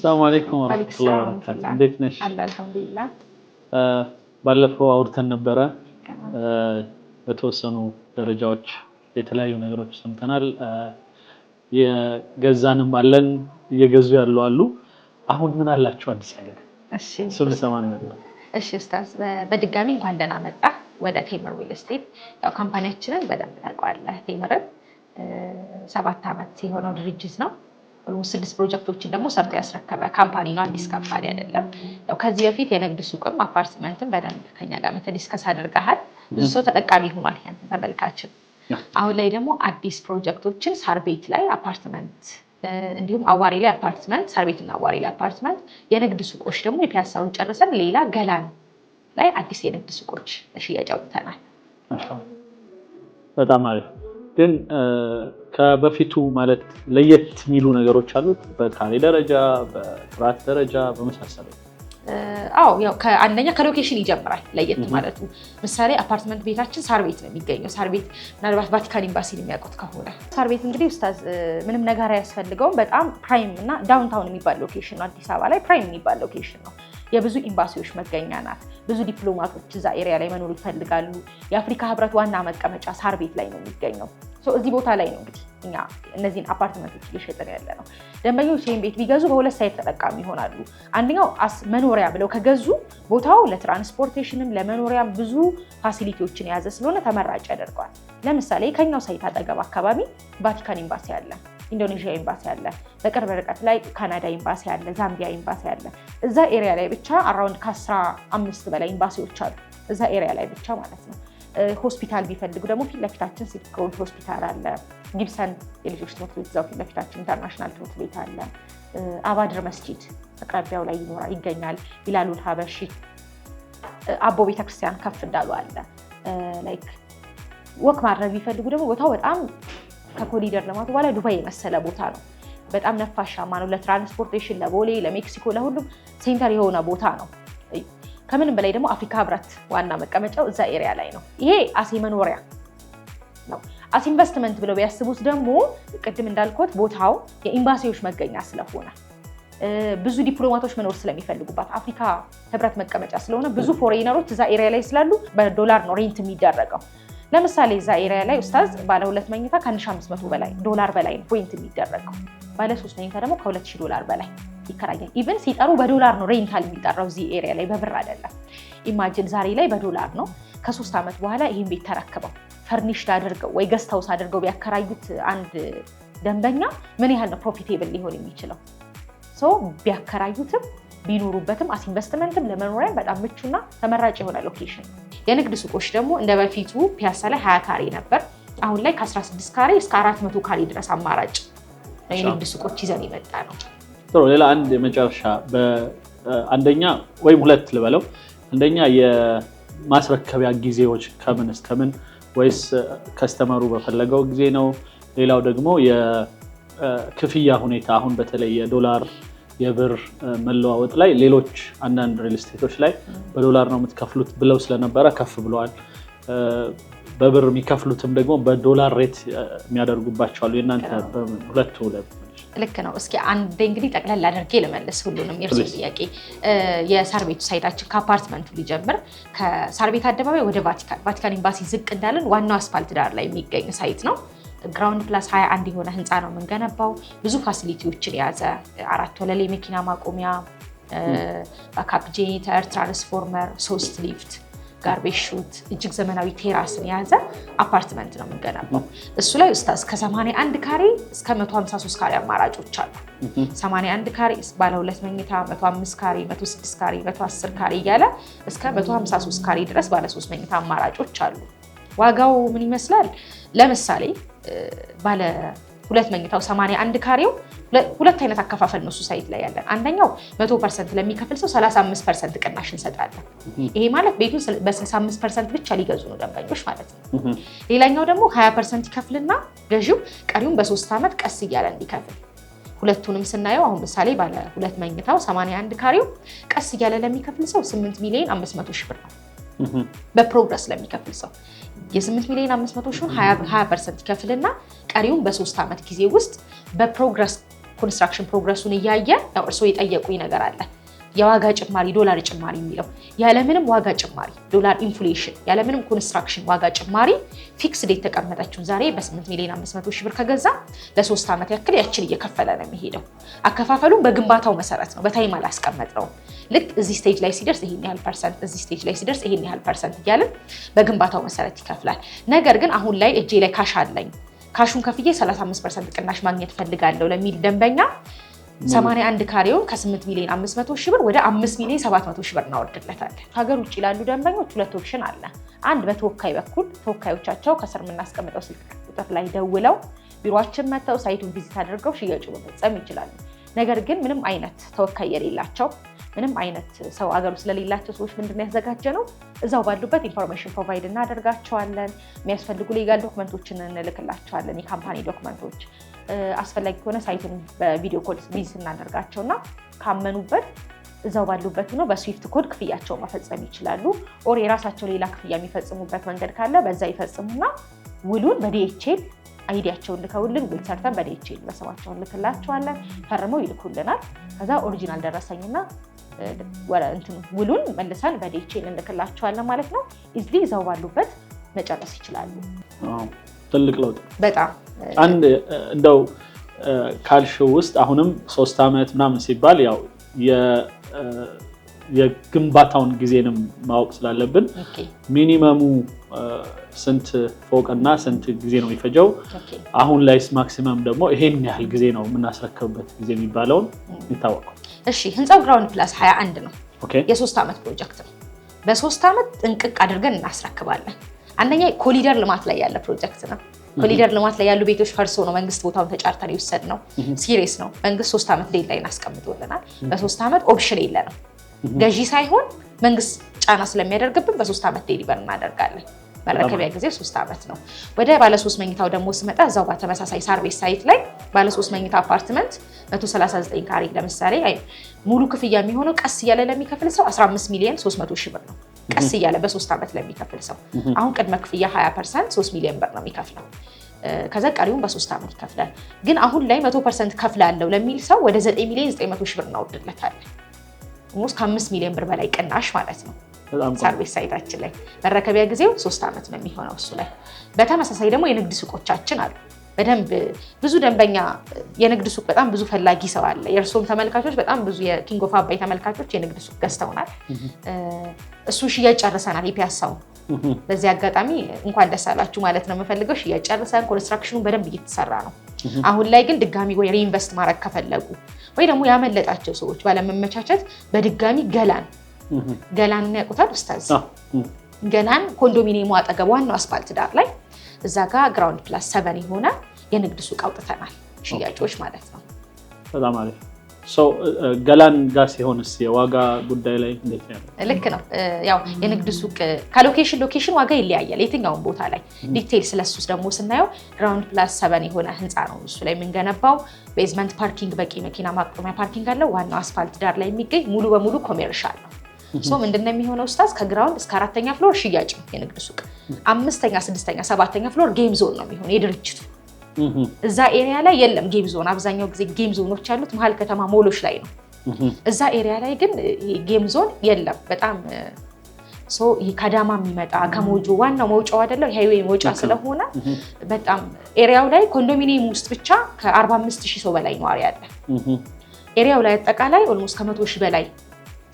ሰላም አለይኩም ወራህመቱላሂ ወበረካቱህ። እንዴት ነሽ? አልሐምዱሊላህ። ባለፈው አውርተን ነበረ በተወሰኑ ደረጃዎች የተለያዩ ነገሮች ሰምተናል። የገዛንም አለን እየገዙ ያሉ አሉ። አሁን ምን አላችሁ አዲስ ነገር? እሺ እሱን ልሰማ ነው እሺ ኡስታዝ በድጋሚ እንኳን ደህና መጣ ወደ ቴምር ሪል እስቴት። ያው ካምፓኒያችንን በደንብ ታውቀዋለህ። ቴምርን ሰባት አመት የሆነው ድርጅት ነው ስድስት ፕሮጀክቶችን ደግሞ ሰርቶ ያስረከበ ካምፓኒ ነው። አዲስ ካምፓኒ አይደለም። ያው ከዚህ በፊት የንግድ ሱቅም አፓርትመንትም በደንብ ከኛ ጋር መተዲስከስ አድርገሃል። ብዙ ሰው ተጠቃሚ ሆኗል። ያን ተመልካችን አሁን ላይ ደግሞ አዲስ ፕሮጀክቶችን ሳርቤት ላይ አፓርትመንት እንዲሁም አዋሪ ላይ አፓርትመንት ሳርቤት ሳርቤትና አዋሪ ላይ አፓርትመንት፣ የንግድ ሱቆች ደግሞ የፒያሳውን ጨርሰን ሌላ ገላን ላይ አዲስ የንግድ ሱቆች ሽያጭ አውጥተናል። በጣም አሪፍ ግን ከበፊቱ ማለት ለየት የሚሉ ነገሮች አሉት በካሬ ደረጃ፣ በጥራት ደረጃ በመሳሰሉ አዎ ያው ከአንደኛ ከሎኬሽን ይጀምራል ለየት ማለት ምሳሌ አፓርትመንት ቤታችን ሳር ቤት ነው የሚገኘው። ሳር ቤት ምናልባት ቫቲካን ኤምባሲን የሚያውቁት ከሆነ ሳር ቤት እንግዲህ ኡስታዝ ምንም ነገር አያስፈልገውም። በጣም ፕራይም እና ዳውንታውን የሚባል ሎኬሽን ነው። አዲስ አበባ ላይ ፕራይም የሚባል ሎኬሽን ነው። የብዙ ኤምባሲዎች መገኛ ናት። ብዙ ዲፕሎማቶች እዛ ኤሪያ ላይ መኖር ይፈልጋሉ። የአፍሪካ ህብረት ዋና መቀመጫ ሳር ቤት ላይ ነው የሚገኘው። እዚህ ቦታ ላይ ነው እንግዲህ እኛ እነዚህን አፓርትመንቶች እየሸጥን ያለ ነው። ደንበኞች ይህን ቤት ቢገዙ በሁለት ሳይት ተጠቃሚ ይሆናሉ። አንደኛው መኖሪያ ብለው ከገዙ ቦታው ለትራንስፖርቴሽንም ለመኖሪያም ብዙ ፋሲሊቲዎችን የያዘ ስለሆነ ተመራጭ ያደርገዋል። ለምሳሌ ከኛው ሳይት አጠገብ አካባቢ ቫቲካን ኤምባሲ አለ። ኢንዶኔዥያ ኤምባሲ አለ፣ በቅርብ ርቀት ላይ ካናዳ ኤምባሲ አለ፣ ዛምቢያ ኤምባሲ አለ። እዛ ኤሪያ ላይ ብቻ አራውንድ ከአስራ አምስት በላይ ኤምባሲዎች አሉ፣ እዛ ኤሪያ ላይ ብቻ ማለት ነው። ሆስፒታል ቢፈልጉ ደግሞ ፊት ለፊታችን ሲልክ ሮድ ሆስፒታል አለ፣ ጊብሰን የልጆች ትምህርት ቤት እዛው ፊት ለፊታችን ኢንተርናሽናል ትምህርት ቤት አለ፣ አባድር መስጂድ አቅራቢያው ላይ ይኖራ ይገኛል። ቢላሉል ሀበሺ አቦ ቤተክርስቲያን ከፍ እንዳሉ አለ። ላይክ ወክ ማድረግ ቢፈልጉ ደግሞ ቦታው በጣም ከኮሪደር ልማት በኋላ ዱባይ የመሰለ ቦታ ነው። በጣም ነፋሻማ ነው። ለትራንስፖርቴሽን፣ ለቦሌ፣ ለሜክሲኮ፣ ለሁሉም ሴንተር የሆነ ቦታ ነው። ከምንም በላይ ደግሞ አፍሪካ ህብረት ዋና መቀመጫው እዛ ኤሪያ ላይ ነው። ይሄ አሴ መኖሪያ ነው። አሴ ኢንቨስትመንት ብለው ቢያስቡት ደግሞ ቅድም እንዳልኩት ቦታው የኤምባሲዎች መገኛ ስለሆነ ብዙ ዲፕሎማቶች መኖር ስለሚፈልጉባት አፍሪካ ህብረት መቀመጫ ስለሆነ ብዙ ፎሬነሮች እዛ ኤሪያ ላይ ስላሉ በዶላር ነው ሬንት የሚደረገው። ለምሳሌ እዛ ኤሪያ ላይ ኡስታዝ ባለ ሁለት መኝታ ከ1500 በላይ ዶላር በላይ ነው ሬንት የሚደረገው። ባለ ሶስት መኝታ ደግሞ ከ2000 ዶላር በላይ ይከራያል። ኢቨን ሲጠሩ በዶላር ነው ሬንታል የሚጠራው እዚህ ኤሪያ ላይ በብር አይደለም። ኢማጅን ዛሬ ላይ በዶላር ነው። ከሶስት ዓመት በኋላ ይህን ቤት ተረክበው ፈርኒሽድ አድርገው ወይ ገስታውስ አድርገው ቢያከራዩት አንድ ደንበኛ ምን ያህል ነው ፕሮፊቴብል ሊሆን የሚችለው? ሰው ቢያከራዩትም ቢኖሩበትም አስ ኢንቨስትመንትም ለመኖሪያም በጣም ምቹና ተመራጭ የሆነ ሎኬሽን ነው። የንግድ ሱቆች ደግሞ እንደ በፊቱ ፒያሳ ላይ ሀያ ካሬ ነበር። አሁን ላይ ከ16 ካሬ እስከ 400 ካሬ ድረስ አማራጭ የንግድ ሱቆች ይዘን የመጣ ነው። ጥሩ። ሌላ አንድ የመጨረሻ አንደኛ ወይም ሁለት ልበለው። አንደኛ የማስረከቢያ ጊዜዎች ከምን እስከምን ወይስ ከስተመሩ በፈለገው ጊዜ ነው? ሌላው ደግሞ የክፍያ ሁኔታ አሁን በተለይ የዶላር የብር መለዋወጥ ላይ ሌሎች አንዳንድ ሪል ስቴቶች ላይ በዶላር ነው የምትከፍሉት ብለው ስለነበረ ከፍ ብለዋል። በብር የሚከፍሉትም ደግሞ በዶላር ሬት የሚያደርጉባቸዋሉ። የእናንተ ሁለቱ ልክ ነው። እስኪ አንዴ እንግዲህ ጠቅለል አድርጌ ልመልስ ሁሉንም የእርሱ ጥያቄ። የሳር ቤቱ ሳይዳችን ከአፓርትመንቱ ሊጀምር ከሳር ቤት አደባባይ ወደ ቫቲካን ኤምባሲ ዝቅ እንዳለን ዋናው አስፋልት ዳር ላይ የሚገኝ ሳይት ነው። ግራውንድ ፕላስ 21 የሆነ ህንፃ ነው የምንገነባው። ብዙ ፋሲሊቲዎችን የያዘ አራት ወለል የመኪና ማቆሚያ፣ ባካፕ ጄኔተር፣ ትራንስፎርመር፣ ሶስት ሊፍት ጋርቤጅ ሹት እጅግ ዘመናዊ ቴራስን የያዘ አፓርትመንት ነው የምንገነባው። እሱ ላይ ኡስታዝ ከ81 ካሬ እስከ 153 ካሬ አማራጮች አሉ። 81 ካሬ ባለ ሁለት መኝታ፣ 105 ካሬ፣ 106 ካሬ፣ 110 ካሬ እያለ እስከ 153 ካሬ ድረስ ባለ ሶስት መኝታ አማራጮች አሉ። ዋጋው ምን ይመስላል? ለምሳሌ ባለ ሁለት መኝታው 81 ካሬው ሁለት አይነት አከፋፈል ነው። ሱሳይት ላይ ያለን አንደኛው 100 ፐርሰንት ለሚከፍል ሰው 35 ፐርሰንት ቅናሽ እንሰጣለን። ይሄ ማለት ቤቱን በ65 ፐርሰንት ብቻ ሊገዙ ነው ደንበኞች ማለት ነው። ሌላኛው ደግሞ 20 ፐርሰንት ይከፍልና ገዢው ቀሪውን በሶስት ዓመት ቀስ እያለ እንዲከፍል ሁለቱንም ስናየው አሁን ምሳሌ ባለ ሁለት መኝታው 81 ካሬው ቀስ እያለ ለሚከፍል ሰው 8 ሚሊዮን 500 ሺህ ብር ነው። በፕሮግረስ ለሚከፍል ሰው የ8 ሚሊዮን 500 ሺውን 20 ፐርሰንት ይከፍልና ቀሪውን በሶስት ዓመት ጊዜ ውስጥ በፕሮግረስ ኮንስትራክሽን ፕሮግረሱን እያየ ያው እርስዎ የጠየቁኝ ነገር አለ የዋጋ ጭማሪ ዶላር ጭማሪ የሚለው ያለምንም ዋጋ ጭማሪ ዶላር ኢንፍሌሽን ያለምንም ኮንስትራክሽን ዋጋ ጭማሪ ዴት ተቀመጠችውን ዛሬ በ8 ሚሊዮን 500 ሺህ ብር ከገዛ ለሶስት ዓመት ያክል ያችን እየከፈለ ነው የሚሄደው። አከፋፈሉም በግንባታው መሰረት ነው፣ በታይም አላስቀመጥ ነው ልክ እዚህ ስቴጅ ላይ ሲደርስ ይሄን ያህል ፐርሰንት፣ እዚህ ስቴጅ ላይ ሲደርስ ይሄን ያህል ፐርሰንት እያልን በግንባታው መሰረት ይከፍላል። ነገር ግን አሁን ላይ እጄ ላይ ካሽ አለኝ ካሹን ከፍዬ 35 ፐርሰንት ቅናሽ ማግኘት ፈልጋለሁ ለሚል ደንበኛ 81 ካሬውን ከ8 ሚሊዮን 500 ሺህ ብር ወደ 5 ሚሊዮን 700 ሺህ ብር እናወርድለታለን። ከሀገር ውጭ ላሉ ደንበኞች ሁለት ኦፕሽን አለ። አንድ በተወካይ በኩል ተወካዮቻቸው ከስር የምናስቀምጠው ስልክ ቁጥር ላይ ደውለው ቢሮችን መጥተው ሳይቱን ቪዚት አድርገው ሽያጩ መፈጸም ይችላሉ። ነገር ግን ምንም አይነት ተወካይ የሌላቸው ምንም አይነት ሰው አገር ውስጥ ለሌላቸው ሰዎች ምንድን ያዘጋጀ ነው። እዛው ባሉበት ኢንፎርሜሽን ፕሮቫይድ እናደርጋቸዋለን። የሚያስፈልጉ ሌጋል ዶክመንቶችን እንልክላቸዋለን። የካምፓኒ ዶክመንቶች አስፈላጊ ከሆነ ሳይቱን በቪዲዮ ኮል ቪዝ እናደርጋቸው እና ካመኑበት እዛው ባሉበት ሆኖ በስዊፍት ኮድ ክፍያቸው መፈጸም ይችላሉ። ኦር የራሳቸው ሌላ ክፍያ የሚፈጽሙበት መንገድ ካለ በዛ ይፈጽሙና ውሉን በዲኤችኤል አይዲያቸውን ልከውልን ውል ሰርተን በዲኤችኤል በስማቸውን ልክላቸዋለን። ፈርመው ይልኩልናል። ከዛ ኦሪጂናል ደረሰኝና ውሉን መልሰን በዲኤችኤል እንልክላቸዋለን ማለት ነው። ኢዝሊ እዛው ባሉበት መጨረስ ይችላሉ። ትልቅ ለውጥ በጣም አንድ እንደው ካልሽው ውስጥ አሁንም ሶስት ዓመት ምናምን ሲባል ያው የግንባታውን ጊዜንም ማወቅ ስላለብን ሚኒመሙ ስንት ፎቅና ስንት ጊዜ ነው የሚፈጀው? አሁን ላይስ ማክሲመም ደግሞ ይሄን ያህል ጊዜ ነው የምናስረክብበት ጊዜ የሚባለውን ይታወቀው። እሺ ህንፃው ግራውንድ ፕላስ 21 ነው። የሶስት ዓመት ፕሮጀክት ነው። በሶስት ዓመት ጥንቅቅ አድርገን እናስረክባለን። አንደኛ ኮሊደር ልማት ላይ ያለ ፕሮጀክት ነው። ኮሊደር ልማት ላይ ያሉ ቤቶች ፈርሶ ነው መንግስት ቦታውን ተጫርተን የወሰድ ነው። ሲሪየስ ነው መንግስት ሶስት ዓመት ላይ ላይን አስቀምጦልናል። በሶስት ዓመት ኦፕሽን የለንም ገዢ ሳይሆን መንግስት ጫና ስለሚያደርግብን በሶስት ዓመት ዴሊቨር እናደርጋለን። መረከቢያ ጊዜ ሶስት ዓመት ነው። ወደ ባለሶስት መኝታው ደግሞ ስመጣ እዛው በተመሳሳይ ሳርቤት ሳይት ላይ ባለሶስት መኝታ አፓርትመንት 139 ካሬ ለምሳሌ ሙሉ ክፍያ የሚሆነው ቀስ እያለ ለሚከፍል ሰው 15 ሚሊዮን 300 ሺህ ብር ነው። ቀስ እያለ በሶስት ዓመት ለሚከፍል ሰው አሁን ቅድመ ክፍያ 20 ፐርሰንት 3 ሚሊዮን ብር ነው የሚከፍለው። ከዛ ቀሪውን በሶስት ዓመት ይከፍላል። ግን አሁን ላይ መቶ ፐርሰንት ከፍላለሁ ለሚል ሰው ወደ 9 ሚሊዮን 900 ሺህ ብር እናወርድለታለን። ሞስ 5 ሚሊዮን ብር በላይ ቅናሽ ማለት ነው። ሰርቪስ ሳይታችን ላይ መረከቢያ ጊዜው ሶስት ዓመት ነው የሚሆነው እሱ ላይ። በተመሳሳይ ደግሞ የንግድ ሱቆቻችን አሉ በደንብ ብዙ ደንበኛ የንግድ ሱቅ በጣም ብዙ ፈላጊ ሰው አለ። የእርስዎም ተመልካቾች በጣም ብዙ የኪንግ ኦፍ አባይ ተመልካቾች የንግድ ሱቅ ገዝተውናል። እሱን ሽያጭ ጨርሰናል፣ የፒያሳውን። በዚህ አጋጣሚ እንኳን ደስ አላችሁ ማለት ነው የምፈልገው። ሽያጭ ጨርሰን ኮንስትራክሽኑ በደንብ እየተሰራ ነው። አሁን ላይ ግን ድጋሚ ወይ ሪኢንቨስት ማድረግ ከፈለጉ ወይ ደግሞ ያመለጣቸው ሰዎች ባለመመቻቸት በድጋሚ ገላን ገላን ያውቁታል ኡስታዝ ገላን ኮንዶሚኒየሙ አጠገብ ዋናው አስፋልት ዳር ላይ እዛ ጋ ግራውንድ ፕላስ ሰቨን የሆነ የንግድ ሱቅ አውጥተናል፣ ሽያጮች ማለት ነው። በጣም አሪፍ ገላን ጋር ሲሆን የዋጋ ጉዳይ ላይ እንዴት ነው? ልክ ነው። ያው የንግድ ሱቅ ከሎኬሽን ሎኬሽን ዋጋ ይለያያል የትኛውም ቦታ ላይ ዲቴል። ስለሱስ ደግሞ ስናየው ግራውንድ ፕላስ ሰቨን የሆነ ህንፃ ነው እሱ ላይ የምንገነባው። ቤዝመንት ፓርኪንግ፣ በቂ መኪና ማቆሚያ ፓርኪንግ አለው። ዋናው አስፋልት ዳር ላይ የሚገኝ ሙሉ በሙሉ ኮሜርሻል ምንድነው የሚሆነው? ስታዝ ከግራውንድ እስከ አራተኛ ፍሎር ሽያጭ ነው የንግድ ሱቅ፣ አምስተኛ፣ ስድስተኛ፣ ሰባተኛ ፍሎር ጌም ዞን ነው የሚሆነው የድርጅቱ። እዛ ኤሪያ ላይ የለም ጌም ዞን። አብዛኛው ጊዜ ጌም ዞኖች ያሉት መሀል ከተማ ሞሎች ላይ ነው። እዛ ኤሪያ ላይ ግን ጌም ዞን የለም። በጣም ከአዳማ የሚመጣ ከሞጆ ዋናው መውጫው አይደለም የሃይዌይ መውጫ ስለሆነ በጣም ኤሪያው ላይ ኮንዶሚኒየም ውስጥ ብቻ ከ45 ሺህ ሰው በላይ ነዋሪ አለ። ኤሪያው ላይ አጠቃላይ ኦልሞስት ከመቶ ሺህ በላይ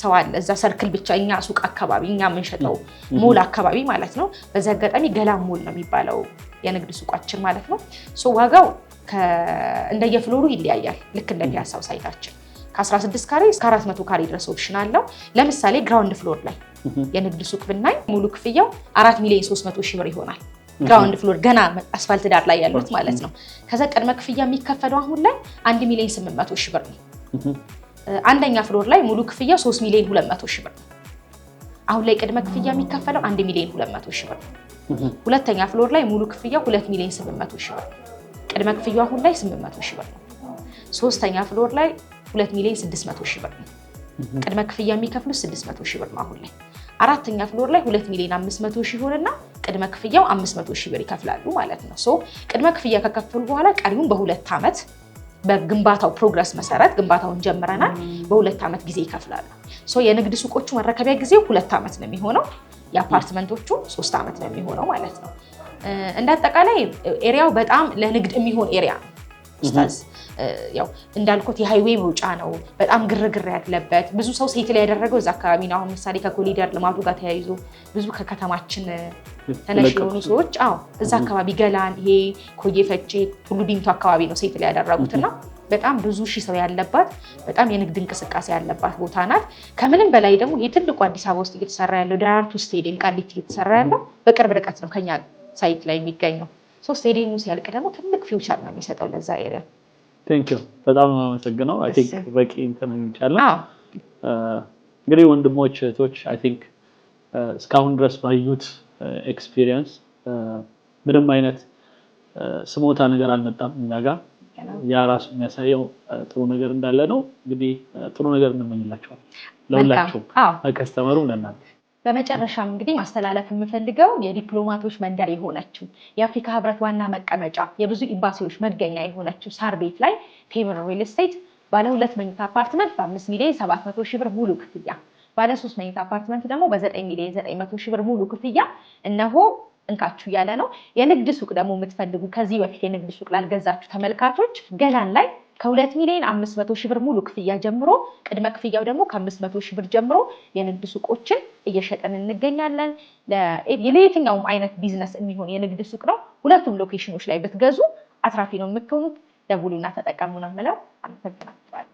ሰው አለ እዛ ሰርክል ብቻ እኛ ሱቅ አካባቢ እኛ የምንሸጠው ሞል አካባቢ ማለት ነው። በዚህ አጋጣሚ ገላን ሞል ነው የሚባለው የንግድ ሱቃችን ማለት ነው። ዋጋው እንደየፍሎሩ ይለያያል። ልክ እንደ ፒያሳው ሳይታችን ከ16 ካሬ እስከ 400 ካሬ ድረስ ኦፕሽን አለው። ለምሳሌ ግራውንድ ፍሎር ላይ የንግድ ሱቅ ብናይ ሙሉ ክፍያው 4 ሚሊዮን 300 ሺህ ብር ይሆናል። ግራውንድ ፍሎር ገና አስፋልት ዳር ላይ ያሉት ማለት ነው። ከዛ ቅድመ ክፍያ የሚከፈለው አሁን ላይ 1 ሚሊዮን 800 ሺህ ብር ነው። አንደኛ ፍሎር ላይ ሙሉ ክፍያው 3 ሚሊዮን 200 ሺህ ብር አሁን ላይ ቅድመ ክፍያ የሚከፈለው 1 ሚሊዮን 200 ሺህ ብር ሁለተኛ ፍሎር ላይ ሙሉ ክፍያው 2 ሚሊዮን 800 ሺህ ብር ነው። ቅድመ ክፍያው አሁን ላይ 800 ሺህ ብር ነው። ሶስተኛ ፍሎር ላይ 2 ሚሊዮን 600 ሺህ ብር ነው። ቅድመ ክፍያ የሚከፍሉት 600 ሺህ ብር ነው አሁን ላይ። አራተኛ ፍሎር ላይ 2 ሚሊዮን 500 ሺህ ሆነና ቅድመ ክፍያው 500 ሺህ ብር ይከፍላሉ ማለት ነው። ሶ ቅድመ ክፍያ ከከፈሉ በኋላ ቀሪውን በሁለት ዓመት በግንባታው ፕሮግረስ መሰረት ግንባታውን ጀምረናል። በሁለት ዓመት ጊዜ ይከፍላሉ። የንግድ ሱቆቹ መረከቢያ ጊዜ ሁለት ዓመት ነው የሚሆነው። የአፓርትመንቶቹ ሶስት ዓመት ነው የሚሆነው ማለት ነው። እንደ አጠቃላይ ኤሪያው በጣም ለንግድ የሚሆን ኤሪያ ነው። ያው እንዳልኩት የሃይዌይ መውጫ ነው። በጣም ግርግር ያለበት ብዙ ሰው ሴትል ያደረገው እዛ አካባቢ ነው። አሁን ምሳሌ ከኮሊደር ልማቱ ጋር ተያይዞ ብዙ ከከተማችን ተነሽ የሆኑ ሰዎች አዎ፣ እዛ አካባቢ ገላን፣ ይሄ ኮዬ ፈጬ፣ ሁሉ ቢምቱ አካባቢ ነው ሴት ላይ ያደረጉትና በጣም ብዙ ሺህ ሰው ያለባት በጣም የንግድ እንቅስቃሴ ያለባት ቦታ ናት። ከምንም በላይ ደግሞ ይህ ትልቁ አዲስ አበባ ውስጥ እየተሰራ ያለው ደራርቱ ስቴዲየም ቃሊቲ እየተሰራ ያለው በቅርብ ርቀት ነው ከኛ ሳይት ላይ የሚገኘው። ሶ ስቴዲየሙ ሲያልቅ ደግሞ ትልቅ ፊውቸር ነው የሚሰጠው ለዛ ኤሪያ። ቴንኪው በጣም አመሰግነው። አይ ቲንክ በቂ ተነኝቻለሁ። እንግዲህ ወንድሞች እህቶች፣ አይ ቲንክ እስካሁን ድረስ ባዩት ኤክስፒሪየንስ uh, uh, ምንም አይነት uh, ስሞታ ነገር አልመጣም እኛ ጋር። ያ ራሱ የሚያሳየው ጥሩ ነገር እንዳለ ነው። እንግዲህ ጥሩ ነገር እንመኝላቸዋል ለሁላችሁም፣ ከስተመሩም ለእናንተ። በመጨረሻም እንግዲህ ማስተላለፍ የምፈልገው የዲፕሎማቶች መንደር የሆነችው የአፍሪካ ህብረት ዋና መቀመጫ የብዙ ኢምባሲዎች መገኛ የሆነችው ሳር ቤት ላይ ቴምር ሪል ስቴት ባለሁለት ሁለት መኝታ አፓርትመንት በአምስት ሚሊዮን ሰባት መቶ ሺህ ብር ሙሉ ክፍያ ባለ ሶስት መኝታ አፓርትመንት ደግሞ በዘጠኝ ሚሊዮን ዘጠኝ መቶ ሺህ ብር ሙሉ ክፍያ እነሆ እንካችሁ እያለ ነው። የንግድ ሱቅ ደግሞ የምትፈልጉ ከዚህ በፊት የንግድ ሱቅ ላልገዛችሁ ተመልካቾች ገላን ላይ ከሁለት ሚሊዮን አምስት መቶ ሺህ ብር ሙሉ ክፍያ ጀምሮ ቅድመ ክፍያው ደግሞ ከአምስት መቶ ሺህ ብር ጀምሮ የንግድ ሱቆችን እየሸጠን እንገኛለን። ለየትኛውም አይነት ቢዝነስ የሚሆን የንግድ ሱቅ ነው። ሁለቱም ሎኬሽኖች ላይ ብትገዙ አትራፊ ነው የምትሆኑት። ደውሉና ተጠቀሙ ነው የምለው። አመሰግናችኋለሁ።